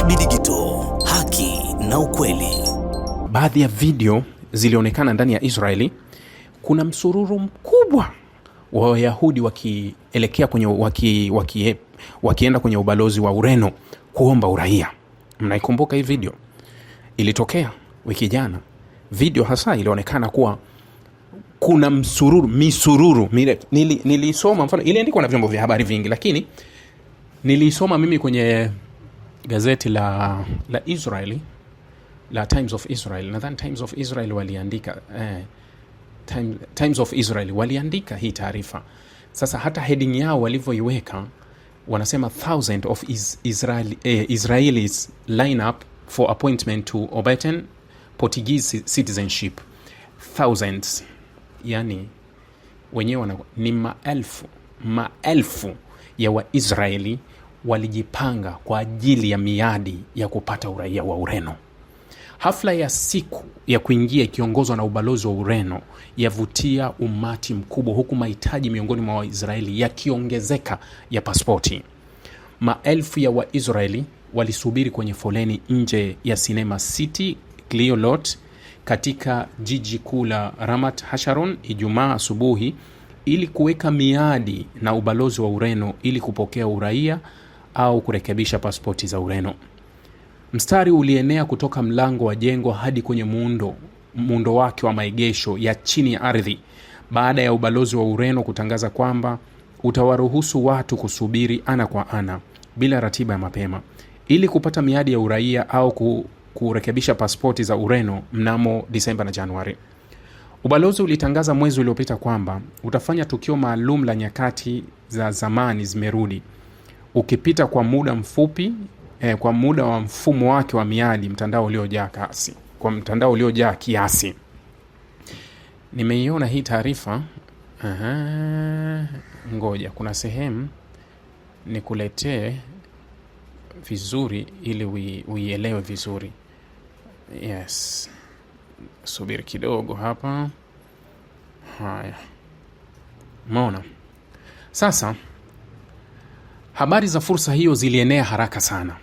Nashbi Digital, haki na ukweli. Baadhi ya video zilionekana ndani ya Israeli, kuna msururu mkubwa wa Wayahudi wakielekea kwenye waki, waki, wakienda kwenye ubalozi wa Ureno kuomba uraia. Mnaikumbuka hii video ilitokea wiki jana. Video hasa ilionekana kuwa kuna msururu misururu nilisoma, nili mfano iliandikwa na vyombo vya habari vingi, lakini nilisoma mimi kwenye gazeti la, la Israeli la Times of Israel, nadhani Times of Israel waliandika eh, Time, Times of Israel waliandika hii taarifa. Sasa hata heading yao walivyoiweka wanasema thousand of is, Israel, eh, Israelis line up for appointment to Obaten Portuguese citizenship thousands, yani wenyewe ni maelfu maelfu ya Waisraeli walijipanga kwa ajili ya miadi ya kupata uraia wa Ureno. Hafla ya siku ya kuingia ikiongozwa na ubalozi wa Ureno yavutia umati mkubwa, huku mahitaji miongoni mwa Waisraeli yakiongezeka ya paspoti Maelfu ya Waisraeli walisubiri kwenye foleni nje ya sinema City Glilot katika jiji kuu la Ramat Hasharon Ijumaa asubuhi ili kuweka miadi na ubalozi wa Ureno ili kupokea uraia au kurekebisha pasipoti za Ureno. Mstari ulienea kutoka mlango wa jengo hadi kwenye muundo muundo wake wa maegesho ya chini ya ardhi baada ya ubalozi wa Ureno kutangaza kwamba utawaruhusu watu kusubiri ana kwa ana bila ratiba ya mapema ili kupata miadi ya uraia au ku, kurekebisha pasipoti za Ureno mnamo Disemba na Januari. Ubalozi ulitangaza mwezi uliopita kwamba utafanya tukio maalum la nyakati za zamani zimerudi ukipita kwa muda mfupi eh, kwa muda wa mfumo wake wa miadi, mtandao uliojaa kasi, kwa mtandao uliojaa kiasi. Nimeiona hii taarifa, ngoja kuna sehemu nikuletee vizuri ili uielewe vizuri. Yes, subiri kidogo hapa. Haya, maona sasa Habari za fursa hiyo zilienea haraka sana.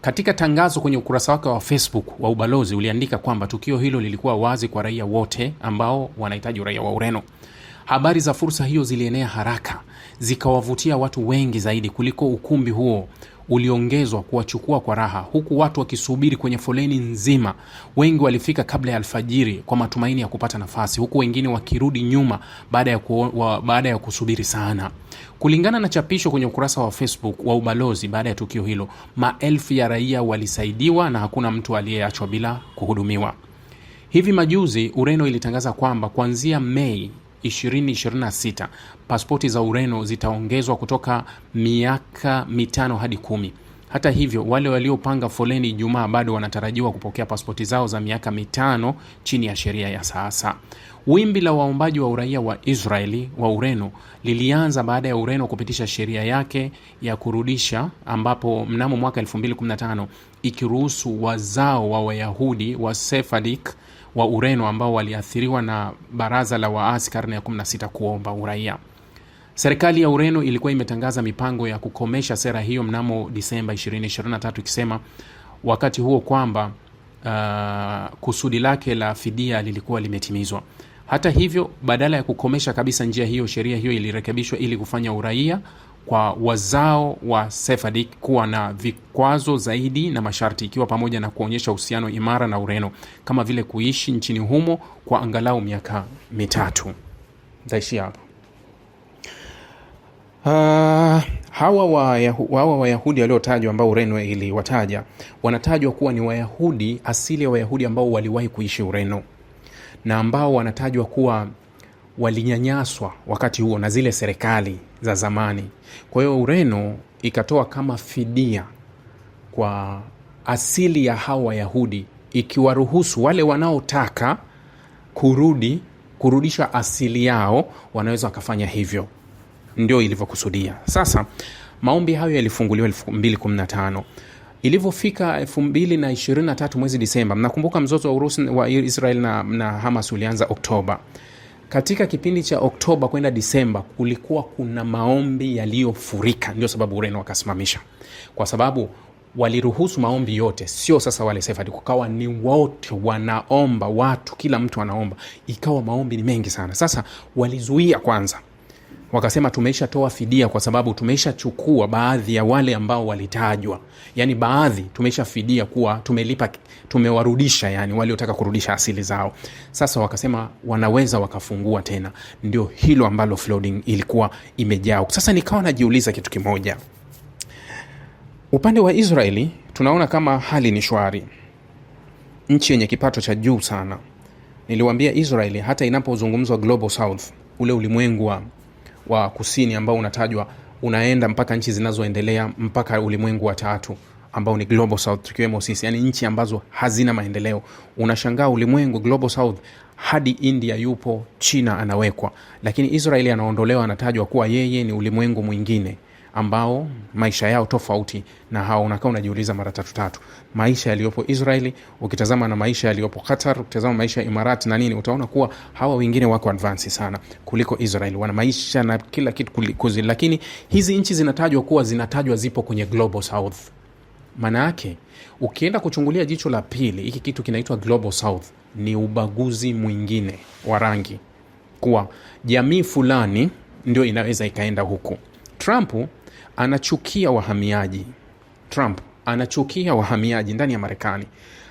Katika tangazo kwenye ukurasa wake wa Facebook wa ubalozi uliandika kwamba tukio hilo lilikuwa wazi kwa raia wote ambao wanahitaji uraia wa Ureno. Habari za fursa hiyo zilienea haraka, zikawavutia watu wengi zaidi kuliko ukumbi huo uliongezwa kuwachukua kwa raha, huku watu wakisubiri kwenye foleni nzima. Wengi walifika kabla ya alfajiri kwa matumaini ya kupata nafasi, huku wengine wakirudi nyuma baada ya, ku, wa, baada ya kusubiri sana. Kulingana na chapisho kwenye ukurasa wa Facebook wa ubalozi baada ya tukio hilo, maelfu ya raia walisaidiwa na hakuna mtu aliyeachwa bila kuhudumiwa. Hivi majuzi Ureno ilitangaza kwamba kuanzia Mei 2026 pasipoti za Ureno zitaongezwa kutoka miaka mitano hadi kumi. Hata hivyo wale waliopanga foleni Ijumaa bado wanatarajiwa kupokea pasipoti zao za miaka mitano chini ya sheria ya sasa. Wimbi la waombaji wa uraia wa Israeli wa Ureno lilianza baada ya Ureno kupitisha sheria yake ya kurudisha, ambapo mnamo mwaka 2015 ikiruhusu wazao wa Wayahudi wa Sephardic wa Ureno ambao waliathiriwa na baraza la waasi karne ya 16 kuomba uraia. Serikali ya Ureno ilikuwa imetangaza mipango ya kukomesha sera hiyo mnamo Disemba 2023 ikisema wakati huo kwamba uh, kusudi lake la fidia lilikuwa limetimizwa. Hata hivyo, badala ya kukomesha kabisa njia hiyo, sheria hiyo ilirekebishwa ili kufanya uraia kwa wazao wa Sefadik kuwa na vikwazo zaidi na masharti, ikiwa pamoja na kuonyesha uhusiano imara na Ureno kama vile kuishi nchini humo kwa angalau miaka mitatu. Ntaishia hapo. Uh, hawa Wayahudi wa waliotajwa ambao Ureno iliwataja wanatajwa kuwa ni Wayahudi asili ya Wayahudi ambao waliwahi kuishi Ureno na ambao wanatajwa kuwa walinyanyaswa wakati huo na zile serikali za zamani. Kwa hiyo Ureno ikatoa kama fidia kwa asili ya hawa Wayahudi, ikiwaruhusu wale wanaotaka kurudi kurudisha asili yao wanaweza wakafanya hivyo, ndio ilivyokusudia. Sasa maombi hayo yalifunguliwa 2015 ilivyofika 2023 mwezi Disemba. Mnakumbuka mzozo wa Urusi wa Israel na, na Hamas ulianza Oktoba katika kipindi cha Oktoba kwenda Disemba kulikuwa kuna maombi yaliyofurika, ndio sababu Ureno wakasimamisha, kwa sababu waliruhusu maombi yote, sio sasa wale Sefard, kukawa ni wote wanaomba, watu kila mtu anaomba, ikawa maombi ni mengi sana. Sasa walizuia kwanza wakasema tumeshatoa fidia kwa sababu tumeshachukua baadhi ya wale ambao walitajwa, yani baadhi tumeshafidia kuwa tumelipa, tumewarudisha yani waliotaka kurudisha asili zao. Sasa wakasema wanaweza wakafungua tena, ndio hilo ambalo flooding ilikuwa imejaa. Sasa nikawa najiuliza kitu kimoja, upande wa Israeli tunaona kama hali ni shwari, nchi yenye kipato cha juu sana. niliwambia Israeli hata inapozungumzwa Global South, ule ulimwengu wa wa kusini ambao unatajwa unaenda mpaka nchi zinazoendelea mpaka ulimwengu wa tatu ambao ni global south tukiwemo sisi yani nchi ambazo hazina maendeleo unashangaa ulimwengu global south hadi india yupo china anawekwa lakini israeli anaondolewa anatajwa kuwa yeye ni ulimwengu mwingine ambao maisha yao tofauti na hao, unakaa unajiuliza mara tatu tatu, maisha yaliyopo Israeli ukitazama na maisha yaliyopo Qatar, ukitazama maisha ya imarat na nini, utaona kuwa hawa wengine wako advansi sana kuliko israel wana maisha na kila kitu kuzi Lakini hizi nchi zinatajwa kuwa zinatajwa zipo kwenye global south. Maana yake ukienda kuchungulia jicho la pili, hiki kitu kinaitwa global south ni ubaguzi mwingine wa rangi, kuwa jamii fulani ndio inaweza ikaenda huku. Trump anachukia wahamiaji Trump anachukia wahamiaji ndani ya Marekani,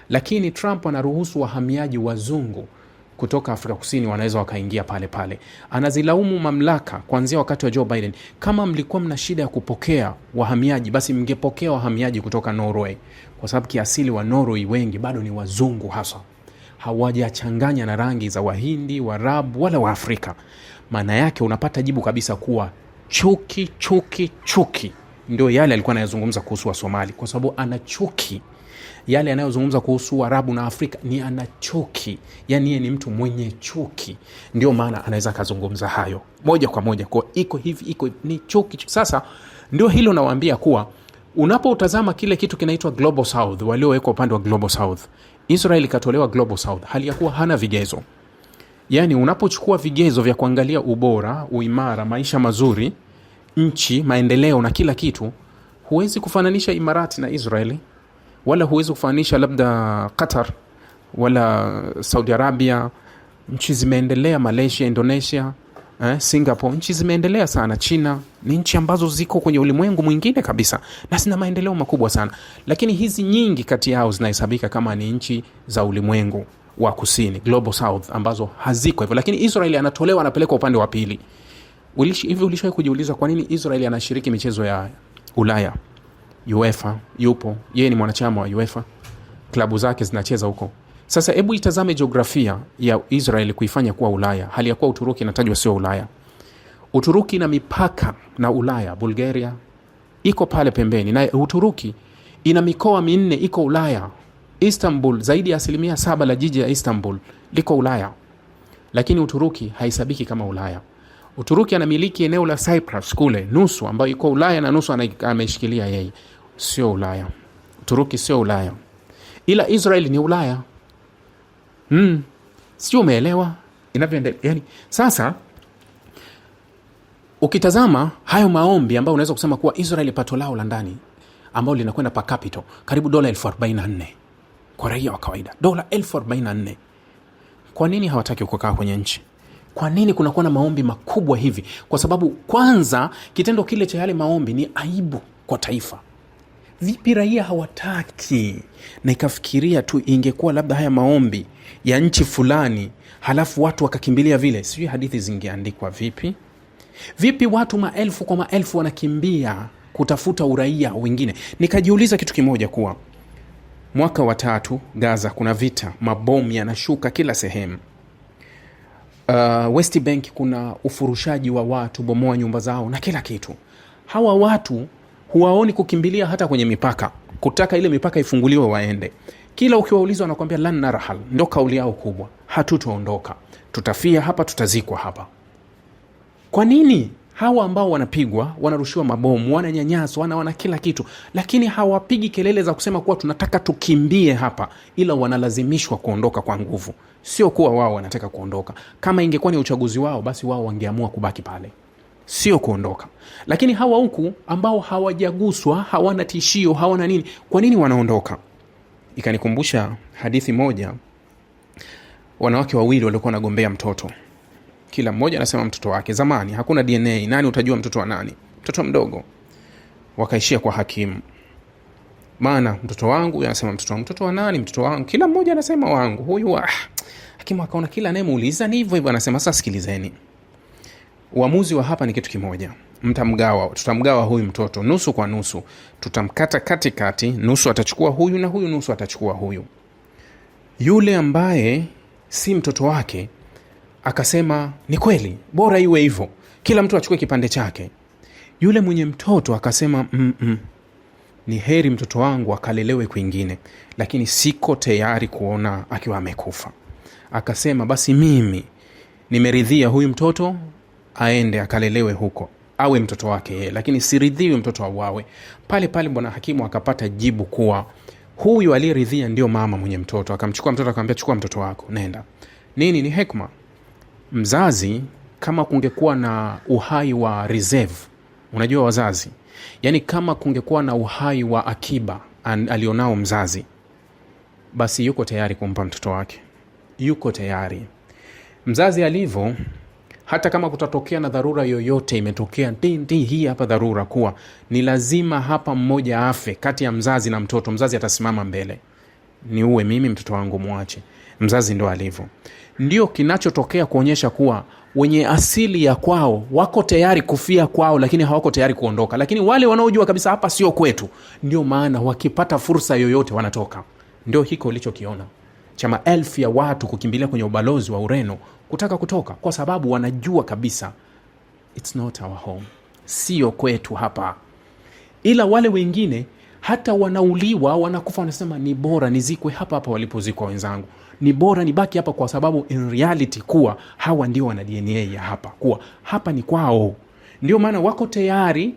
lakini Trump anaruhusu wahamiaji wazungu kutoka Afrika Kusini wanaweza wakaingia pale pale. Anazilaumu mamlaka kuanzia wakati wa Joe Biden, kama mlikuwa mna shida ya kupokea wahamiaji, basi mngepokea wahamiaji kutoka Norway, kwa sababu kiasili wa Norway wengi bado ni wazungu, hasa hawajachanganya na rangi za Wahindi, warabu wala Waafrika. Maana yake unapata jibu kabisa kuwa chuki, chuki, chuki ndio yale alikuwa anayazungumza kuhusu Wasomali, kwa sababu ana chuki yale yanayozungumza kuhusu arabu na Afrika ni ana chuki, yani ye ni mtu mwenye chuki, ndio maana anaweza akazungumza hayo moja kwa moja, kwa iko hivi, iko ni chuki. Sasa ndio hilo nawaambia kuwa unapotazama kile kitu kinaitwa Global South, waliowekwa upande wa Global South, Israel ikatolewa Global South, hali ya kuwa hana vigezo yani unapochukua vigezo vya kuangalia ubora, uimara, maisha mazuri, nchi, maendeleo na kila kitu, huwezi kufananisha Imarati na Israeli, wala huwezi kufananisha labda Qatar wala Saudi Arabia. Nchi zimeendelea, Malaysia, Indonesia, eh, Singapore, nchi zimeendelea sana. China ni nchi ambazo ziko kwenye ulimwengu mwingine kabisa na zina maendeleo makubwa sana, lakini hizi nyingi kati yao zinahesabika kama ni nchi za ulimwengu wa kusini global south ambazo haziko hivyo, lakini israel anatolewa anapelekwa upande wa pili. Hivi ulishawahi kujiuliza kwa nini israel anashiriki michezo ya Ulaya? UEFA yupo, yeye ni mwanachama wa UEFA, klabu zake zinacheza huko. Sasa hebu itazame jiografia ya israel kuifanya kuwa Ulaya, hali ya kuwa Uturuki inatajwa sio Ulaya. Uturuki ina mipaka na Ulaya, Bulgaria iko pale pembeni, na Uturuki ina mikoa minne iko Ulaya Istanbul, zaidi ya asilimia saba la jiji ya Istanbul liko Ulaya, lakini Uturuki haisabiki kama Ulaya. Uturuki anamiliki eneo la Cyprus kule nusu, ambayo iko Ulaya na nusu ameshikilia yeye. Sio Ulaya, Uturuki sio Ulaya, ila Israel ni Ulaya. Mm, sio umeelewa inavyoendelea yani? Sasa ukitazama hayo maombi ambayo unaweza kusema kuwa Israel pato lao la ndani ambao linakwenda pa capital karibu dola elfu arobaini na nne kwa raia wa kawaida, dola elfu arobaini na nne. Kwa nini hawataki kukaa kwenye nchi? Kwa nini kunakuwa na maombi makubwa hivi? Kwa sababu kwanza, kitendo kile cha yale maombi ni aibu kwa taifa. Vipi raia hawataki? Na ikafikiria tu ingekuwa labda haya maombi ya nchi fulani, halafu watu wakakimbilia vile, sijui hadithi zingeandikwa vipi. Vipi watu maelfu kwa maelfu wanakimbia kutafuta uraia wengine. Nikajiuliza kitu kimoja kuwa Mwaka wa tatu Gaza kuna vita, mabomu yanashuka kila sehemu. Uh, West Bank kuna ufurushaji wa watu, bomoa nyumba zao na kila kitu. Hawa watu huwaoni kukimbilia hata kwenye mipaka, kutaka ile mipaka ifunguliwe waende. Kila ukiwaulizwa wanakuambia lan narahal, ndo kauli yao kubwa, hatutoondoka tutafia hapa, tutazikwa hapa. Kwa nini? hawa ambao wanapigwa, wanarushiwa mabomu, wananyanyaswa, wana, wana kila kitu, lakini hawapigi kelele za kusema kuwa tunataka tukimbie hapa, ila wanalazimishwa kuondoka kwa nguvu. Sio kuwa wao wanataka kuondoka. Kama ingekuwa ni uchaguzi wao, basi wao wangeamua kubaki pale, sio kuondoka. Lakini hawa huku ambao hawajaguswa, hawana tishio, hawana nini, kwa nini wanaondoka? Ikanikumbusha hadithi moja, wanawake wawili waliokuwa wanagombea mtoto kila mmoja anasema mtoto wake. Zamani hakuna DNA, nani utajua mtoto wa nani? Mtoto mdogo. Wakaishia kwa hakimu, maana mtoto wangu anasema mtoto wangu, mtoto wa nani? Mtoto wangu, kila mmoja anasema wangu huyu ah. Hakimu akaona kila anayemuuliza ni hivyo hivyo, anasema sasa, sikilizeni, uamuzi wa hapa ni kitu kimoja Mtamgawa, tutamgawa huyu mtoto nusu kwa nusu, tutamkata katikati, nusu atachukua huyu na huyu, nusu atachukua huyu. Yule ambaye si mtoto wake akasema ni kweli, bora iwe hivyo, kila mtu achukue kipande chake. Yule mwenye mtoto akasema mm -mm, ni heri mtoto wangu akalelewe kwingine, lakini siko tayari kuona akiwa amekufa. Akasema basi mimi nimeridhia huyu mtoto aende akalelewe huko, awe mtoto wake yeye, lakini siridhiwi mtoto auawe. Pale pale bwana hakimu akapata jibu kuwa huyu aliyeridhia ndio mama mwenye mtoto. Akamchukua mtoto akamwambia, chukua mtoto wako nenda. Nini? Ni hekma mzazi kama kungekuwa na uhai wa reserve, unajua wazazi, yaani kama kungekuwa na uhai wa akiba alionao mzazi, basi yuko tayari kumpa mtoto wake, yuko tayari. Mzazi alivyo, hata kama kutatokea na dharura yoyote, imetokea ndi hii hapa dharura, kuwa ni lazima hapa mmoja afe kati ya mzazi na mtoto, mzazi atasimama mbele ni uwe mimi mtoto wangu mwache mzazi ndo alivyo ndio kinachotokea kuonyesha kuwa wenye asili ya kwao wako tayari kufia kwao lakini hawako tayari kuondoka lakini wale wanaojua kabisa hapa sio kwetu ndio maana wakipata fursa yoyote wanatoka ndio hiko ulichokiona cha maelfu ya watu kukimbilia kwenye ubalozi wa ureno kutaka kutoka kwa sababu wanajua kabisa It's not our home sio kwetu hapa ila wale wengine hata wanauliwa wanakufa, wanasema ni bora nizikwe hapa hapa walipozikwa wenzangu, ni bora nibaki hapa, kwa sababu in reality kuwa hawa ndio wana DNA ya hapa, kuwa hapa ni kwao. Ndio maana wako tayari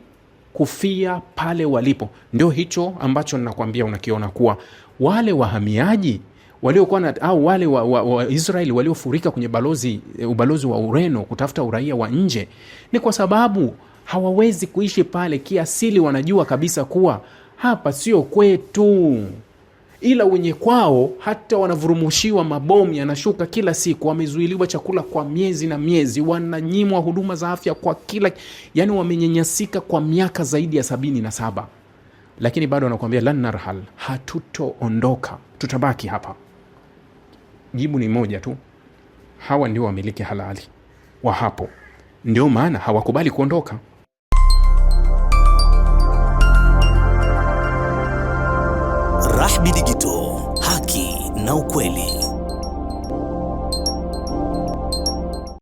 kufia pale walipo. Ndio hicho ambacho ninakwambia unakiona kuwa wale wahamiaji waliokuwa na au wale wa, wa, wa Israeli waliofurika kwenye balozi eh, ubalozi wa Ureno kutafuta uraia wa nje ni kwa sababu hawawezi kuishi pale kiasili, wanajua kabisa kuwa hapa sio kwetu, ila wenye kwao hata wanavurumushiwa mabomu yanashuka kila siku, wamezuiliwa chakula kwa miezi na miezi, wananyimwa huduma za afya kwa kila, yani wamenyanyasika kwa miaka zaidi ya sabini na saba, lakini bado wanakuambia lan narhal, hatutoondoka, tutabaki hapa. Jibu ni moja tu, hawa ndio wamiliki halali wa hapo, ndio maana hawakubali kuondoka. Rahby Digital, haki na ukweli.